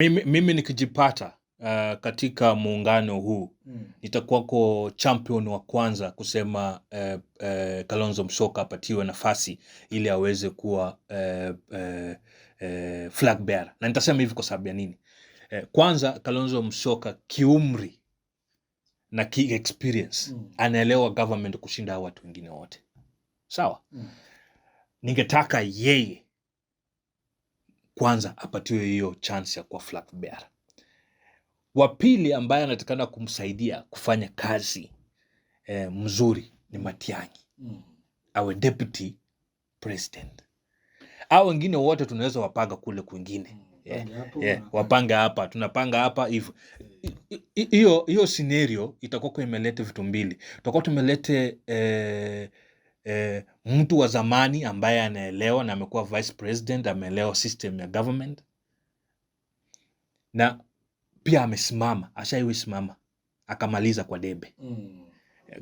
Mimi, mimi nikijipata uh, katika muungano huu mm. nitakuwako champion wa kwanza kusema uh, uh, Kalonzo Musyoka apatiwe nafasi ili aweze kuwa uh, uh, uh, flag bearer, na nitasema hivi kwa sababu ya nini? Uh, kwanza Kalonzo Musyoka kiumri na ki experience mm. anaelewa government kushinda hao watu wengine wote, sawa mm. ningetaka yeye kwanza apatiwe hiyo chance ya kuwa flag bearer. Wa pili ambaye anatakana kumsaidia kufanya kazi e, mzuri ni Matiang'i mm. awe deputy president au wengine wote tunaweza wapanga kule kwingine yeah. yeah. wapanga hapa tunapanga hapa hivyo. Hiyo hiyo scenario itakuwa imeleta vitu mbili, tutakuwa tumelete eh, eh, mtu wa zamani ambaye anaelewa na amekuwa vice president, ameelewa system ya government na pia amesimama, ashaiwe simama akamaliza kwa debe mm.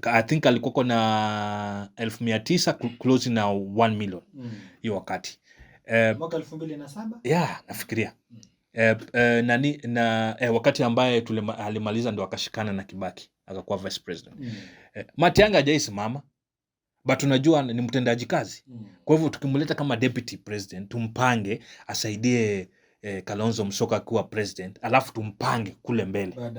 I think alikuwako na elfu mia tisa close na 1 million mm. hiyo mm. wakati eh, mwaka elfu mbili na saba yeah, nafikiria mm. eh, eh, nani, na, eh, wakati ambaye tulema, alimaliza ndo akashikana na Kibaki akakuwa vice president mm. eh, Matianga hajaisimama but unajua ni mtendaji kazi. Hmm. Kwa hivyo tukimleta kama deputy president, tumpange asaidie eh, Kalonzo Musyoka kuwa president, alafu tumpange kule mbele.